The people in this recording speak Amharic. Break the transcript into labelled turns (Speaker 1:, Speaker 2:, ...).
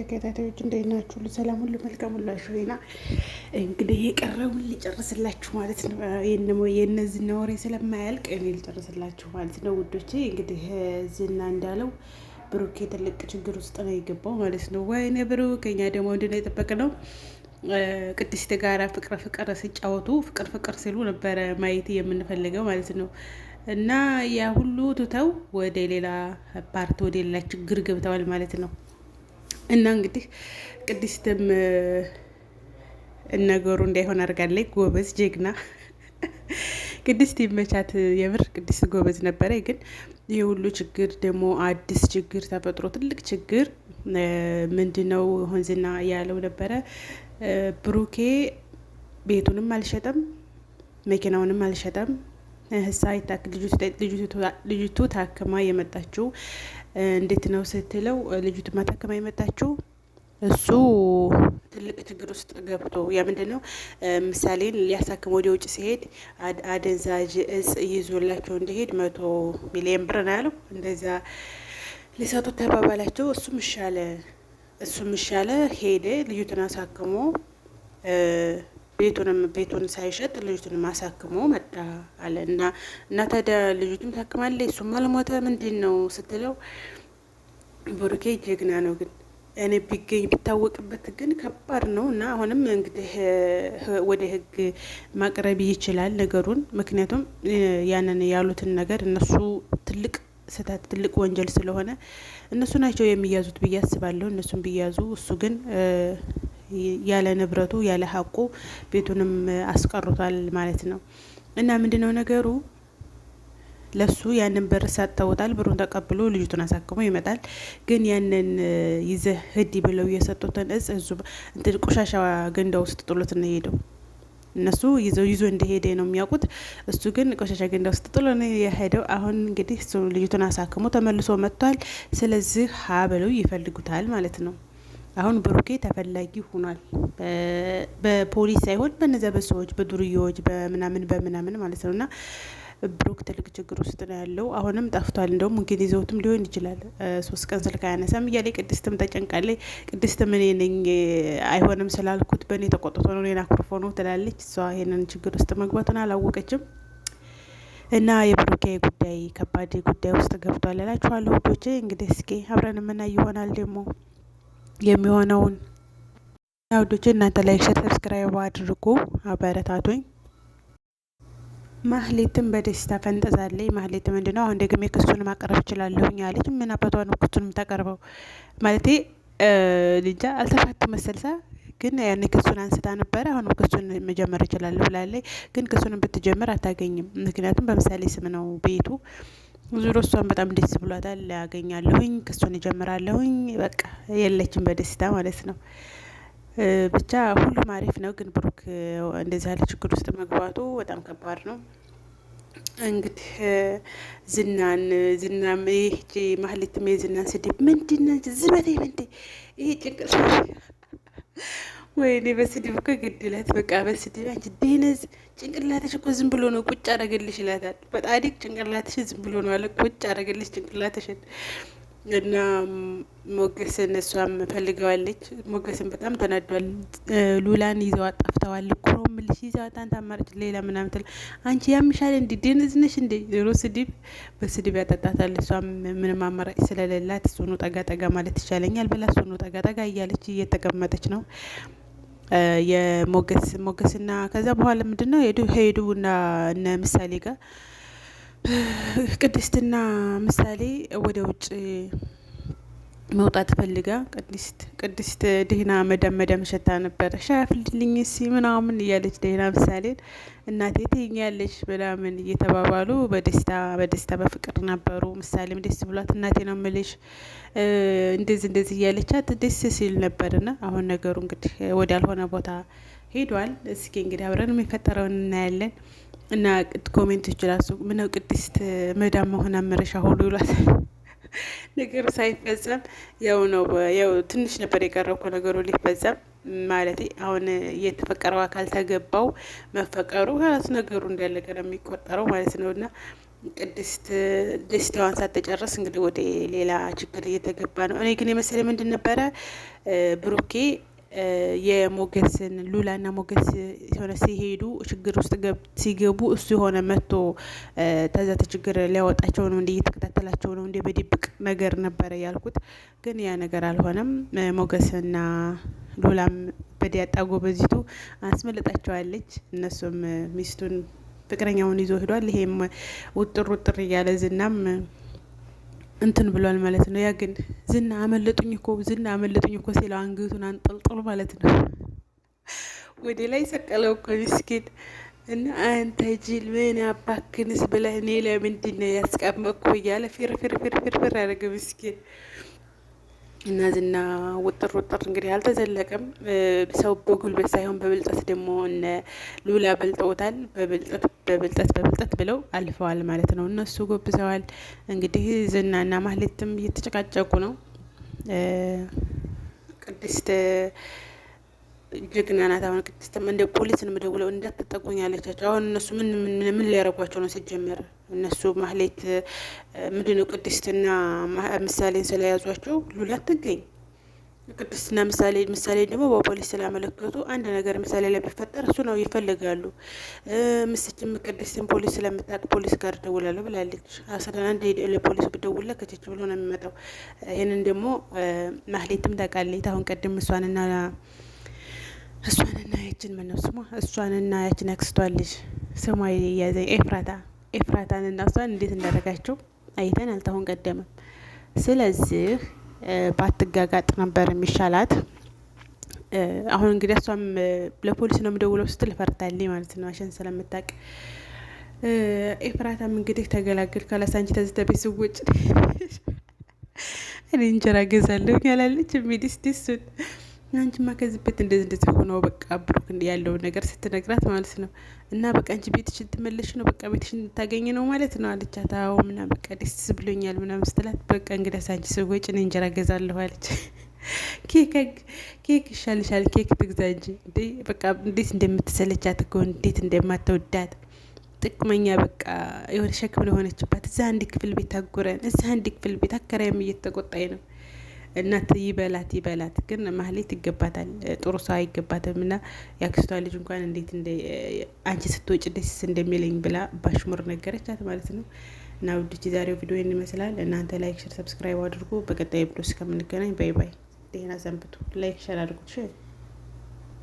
Speaker 1: ተከታታዮች እንዴት ናችሁ? ሰላም ሁሉ መልካም ሁላችሁ ዜና እንግዲህ የቀረውን ሊጨርስላችሁ ማለት ነው። የእነዚህ ወሬ ስለማያልቅ እኔ ልጨርስላችሁ ማለት ነው ውዶቼ። እንግዲህ ዝና እንዳለው ብሩክ ትልቅ ችግር ውስጥ ነው የገባው ማለት ነው። ወይኔ ብሩክ፣ እኛ ደግሞ ምንድን ነው የጠበቅነው? ቅድስት ጋራ ፍቅር ፍቅር ሲጫወቱ ፍቅር ፍቅር ሲሉ ነበረ ማየት የምንፈልገው ማለት ነው። እና ያ ሁሉ ትተው ወደ ሌላ ፓርት ወደ ሌላ ችግር ገብተዋል ማለት ነው። እና እንግዲህ ቅድስትም ነገሩ እንዳይሆን አድርጋለች። ጎበዝ ጀግና ቅድስት ይመቻት። የምር ቅድስት ጎበዝ ነበረ። ግን ይህ ሁሉ ችግር ደግሞ አዲስ ችግር ተፈጥሮ ትልቅ ችግር ምንድነው? ሆንዝና ያለው ነበረ ብሩኬ ቤቱንም አልሸጠም፣ መኪናውንም አልሸጠም። ህሳ ልጅቱ ታክማ የመጣችው እንዴት ነው ስትለው ልጁ ማታከም አይመጣችው እሱ ትልቅ ችግር ውስጥ ገብቶ ያ ምንድን ነው ምሳሌን ሊያሳክም ወደ ውጭ ሲሄድ አደንዛዥ እጽ ይዞላቸው እንዲሄድ መቶ ሚሊዮን ብር ነው ያለው። እንደዚያ ሊሰጡ ተባባላቸው። እሱ ሻለ እሱ ምሻለ ሄደ ልዩትን አሳክሞ ቤቱንም ቤቱን ሳይሸጥ ልጅቱንም አሳክሞ መጣ አለ እና እናተ ታዲያ ልጅቱም ታክማለች፣ እሱም አልሞተ ምንድን ነው ስትለው፣ ብሩኬ ጀግና ነው ግን እኔ ቢገኝ ቢታወቅበት ግን ከባድ ነው እና አሁንም እንግዲህ ወደ ህግ ማቅረብ ይችላል ነገሩን። ምክንያቱም ያንን ያሉትን ነገር እነሱ ትልቅ ስህተት ትልቅ ወንጀል ስለሆነ እነሱ ናቸው የሚያዙት ብዬ አስባለሁ። እነሱን ቢያዙ እሱ ግን ያለ ንብረቱ ያለ ሀቁ ቤቱንም አስቀርቷል ማለት ነው። እና ምንድነው ነገሩ? ለሱ ያንን በር ሰጥተውታል። ብሩን ተቀብሎ ልጅቱን አሳክሞ ይመጣል። ግን ያንን ይዘህ ህድ ብለው የሰጡትን እጽ እዙ እንትን ቆሻሻ ገንዳ ውስጥ ጥሎት ነው የሄደው። እነሱ ይዘው ይዞ እንደሄደ ነው የሚያውቁት። እሱ ግን ቆሻሻ ገንዳ ውስጥ ጥሎ ነው የሄደው። አሁን እንግዲህ እሱ ልጅቱን አሳክሞ ተመልሶ መጥቷል። ስለዚህ ሀ ብለው ይፈልጉታል ማለት ነው። አሁን ብሩኬ ተፈላጊ ሆኗል። በፖሊስ ሳይሆን በነዚያ በሰዎች በዱርዬዎች በምናምን በምናምን ማለት ነው እና ብሩክ ትልቅ ችግር ውስጥ ነው ያለው። አሁንም ጠፍቷል። እንደውም እንግዲህ ይዘውትም ሊሆን ይችላል። ሶስት ቀን ስልክ አያነሳም እያለ ቅድስትም ተጨንቃለች። ቅድስትም እኔ ነኝ አይሆንም ስላልኩት በእኔ ተቆጥቶ ነው እኔን አኩርፎ ነው ትላለች። እሷ ይሄንን ችግር ውስጥ መግባቱን አላወቀችም እና የብሩኬ ጉዳይ ከባድ ጉዳይ ውስጥ ገብቷል እላችኋለሁ። ውዶቼ እንግዲህ እስኪ አብረን የምናይ ይሆናል ደግሞ የሚሆነውን ውዶች እናንተ ላይክ፣ ሸር፣ ሰብስክራይብ አድርጉ፣ አበረታቱኝ። ማህሌትም በደስታ ፈንጠዛለች። ማህሌት ምንድን ነው አሁን ደግሜ ክሱን ማቅረብ እችላለሁኝ አለች። ምን አባቷ ነው ክሱን የምታቀርበው? ማለት ልጃ አልተፋቱ መሰልሳ ግን ያን ክሱን አንስታ ነበረ። አሁንም ክሱን መጀመር እችላለሁ ብላለች። ግን ክሱን ብትጀምር አታገኝም። ምክንያቱም በምሳሌ ስም ነው ቤቱ ዙሮ እሷን በጣም ደስ ብሏታል። ያገኛለሁኝ ክሱን እጀምራለሁኝ በቃ የለችም በደስታ ማለት ነው። ብቻ ሁሉም አሪፍ ነው፣ ግን ብሩክ እንደዚህ ያለ ችግር ውስጥ መግባቱ በጣም ከባድ ነው። እንግዲህ ዝናን ዝና ይህቺ ማህሌትም የዝናን ስድብ ምንድነ ዝበተ ምንድ ይህ ጭንቅላት ወይኔ በስድብ እኮ ግድላት በቃ በስድብ አንቺ ዴነዝ ጭንቅላትሽ እኮ ዝም ብሎ ነው ቁጭ አረገልሽ ይላታል። በጣዲቅ ጭንቅላትሽ ዝም ብሎ ነው አለ ቁጭ አረገልሽ ጭንቅላትሽን። እና ሞገስን እሷም ፈልገዋለች። ሞገስን በጣም ተናዷል። ሉላን ይዘዋ ጠፍተዋል እኮ ምልሽ የምልሽ። ይዘዋት አንተ አማራጭ ሌላ ምናምን ትል አንቺ ያምሻል እንዲ ዴነዝ ነሽ እንዴ? ሮ ስድብ በስድብ ያጠጣታል። እሷም ምንም አማራጭ ስለሌላት ሱኑ ጠጋ ጠጋ ማለት ይቻለኛል ብላ ሱኑ ጠጋ ጠጋ እያለች እየተቀመጠች ነው የሞገስ ሞገስና ከዛ በኋላ ምንድን ነው ሄዱና እነ ምሳሌ ጋር ቅድስትና ምሳሌ ወደ ውጭ መውጣት ፈልጋ ቅድስት ቅድስት ድህና መደም መደም ሸታ ነበረ ሻፍልኝ ሲ ምናምን እያለች ደህና ምሳሌን እናቴ ትኛለች ምናምን እየተባባሉ በደስታ በደስታ በፍቅር ነበሩ። ምሳሌም ደስ ብሏት እናቴ ነው ምልሽ እንደዚህ እንደዚህ እያለቻት ደስ ሲል ነበርና አሁን ነገሩ እንግዲህ ወዳልሆነ ቦታ ሄዷል። እስኪ እንግዲህ አብረን የሚፈጠረውን እናያለን። እና ኮሜንቶች ላሱ ምነው ቅድስት መዳም መሆን አመረሻ ሁሉ ይሏታል። ነገሩ ሳይፈጸም ያው ነው ያው ትንሽ ነበር የቀረው እኮ ነገሩ ሊፈጸም ማለት አሁን የተፈቀረው አካል ተገባው መፈቀሩ ከራሱ ነገሩ እንዳለቀ ነው የሚቆጠረው ማለት ነው እና ቅድስት ደስታዋን ሳትጨርስ እንግዲህ ወደ ሌላ ችግር እየተገባ ነው። እኔ ግን የመሰለ ምንድን ነበረ ብሩኬ የሞገስን ሉላና ሞገስ የሆነ ሲሄዱ ችግር ውስጥ ሲገቡ እሱ የሆነ መጥቶ ተዛ ችግር ሊያወጣቸው ነው እንደ እየተከታተላቸው ነው እንደ በድብቅ ነገር ነበረ ያልኩት፣ ግን ያ ነገር አልሆነም። ሞገስና ሉላም በዲያጣ ጎበዚቱ አስመልጣቸዋለች። እነሱም ሚስቱን ፍቅረኛውን ይዞ ሂዷል ይሄም ውጥር ውጥር እያለ ዝናም እንትን ብሏል ማለት ነው። ያ ግን ዝና አመለጡኝ እኮ ዝና አመለጡኝ እኮ ሲለው አንገቱን አንጠልጥሎ ማለት ነው ወደ ላይ ሰቀለው እኮ ምስኪን እና አንተ ጅል ምን አባክንስ ብለህ እኔ ለምንድን ነው ያስቀመጥኩ እያለ ፊርፊርፊርፊር ያደረገ ምስኪን እና ዝና ውጥር ውጥር እንግዲህ አልተዘለቀም። ሰው በጉልበት ሳይሆን በብልጠት ደግሞ እነ ሉላ በልጠውታል። በብልጠት በብልጠት በብልጠት ብለው አልፈዋል ማለት ነው። እነሱ ጎብዘዋል። እንግዲህ ዝናና ማህሌትም እየተጨቃጨቁ ነው። ቅድስት ጀግና ናት። አሁን ቅድስትም እንደ ፖሊስ ነው የምደውለው፣ እንዳትጠጉኝ አለቻቸው። አሁን እነሱ ምን ምን ሊያረጓቸው ነው ሲጀመር እነሱ ማህሌት ምንድነው ቅድስትና ምሳሌን ስለያዟቸው ሉላ ትገኝ ቅድስትና ምሳሌ ምሳሌ ደግሞ በፖሊስ ስላመለከቱ አንድ ነገር ምሳሌ ላይ ቢፈጠር እሱ ነው ይፈልጋሉ። ምስችም ቅድስትን ፖሊስ ስለምታውቅ ፖሊስ ጋር ደውላለሁ ብላለች። አስራ አንድ ለፖሊስ ብደውላ ከቸች ብሎ ነው የሚመጣው። ይህንን ደግሞ ማህሌትም ታውቃለች። አሁን ቅድም እሷንና እሷንና ያችን ምነው ስሟ እሷንና ያችን አክስቷ ስሟ እያዘኝ ኤፍራታ ኤፍራታን እና እሷን እንዴት እንዳደረጋቸው አይተን አልታሁን ቀደምም። ስለዚህ ባትጋጋጥ ነበር የሚሻላት። አሁን እንግዲህ እሷም ለፖሊስ ነው የምደውለው ስትል ፈርታለች ማለት ነው፣ አሸን ስለምታቅ ኤፍራታም እንግዲህ ተገላግል ካላሳንቺ ተዝተ ቤት ስውጭ እኔ እንጀራ ገዛለሁ ያላለች ሚዲስ ዲሱን አንቺማ ከዚህ ቤት እንደዚህ እንደዚህ ሆነው በቃ ብሩክ ያለው ነገር ስትነግራት ማለት ነው። እና በቃ አንቺ ቤትሽን ትመለሽ ነው በቃ ቤትሽን እንድታገኝ ነው ማለት ነው አለቻት። አዎ ምና በቃ ደስ ብሎኛል ምናምን ስትላት በቃ እንግዲያስ ሳንቺ ስወጪ እኔ እንጀራ ገዛለሁ አለች። ኬክ ይሻልሻል ኬክ ትግዛ እንጂ በቃ እንዴት እንደምትሰለቻት እኮ እንዴት እንደማትወዳት ጥቅመኛ በቃ የሆነ ሸክም ለሆነችባት እዛ አንድ ክፍል ቤት አጎረን እዛ አንድ ክፍል ቤት አከራይም እየተቆጣኝ ነው እናት ይበላት ይበላት፣ ግን ማህሌት ይገባታል። ጥሩ ሰው አይገባትም። እና የአክስቷ ልጅ እንኳን እንዴት አንቺ ስትወጭ ደስ እንደሚለኝ ብላ ባሽሙር ነገረቻት ማለት ነው። እና ውድች የዛሬው ቪዲዮ ይህን ይመስላል። እናንተ ላይክ፣ ሸር፣ ሰብስክራይብ አድርጉ። በቀጣይ ቪዲዮ እስከምንገናኝ ባይ ባይ። ደህና ሰንብቱ። ላይክ ሸር አድርጉት።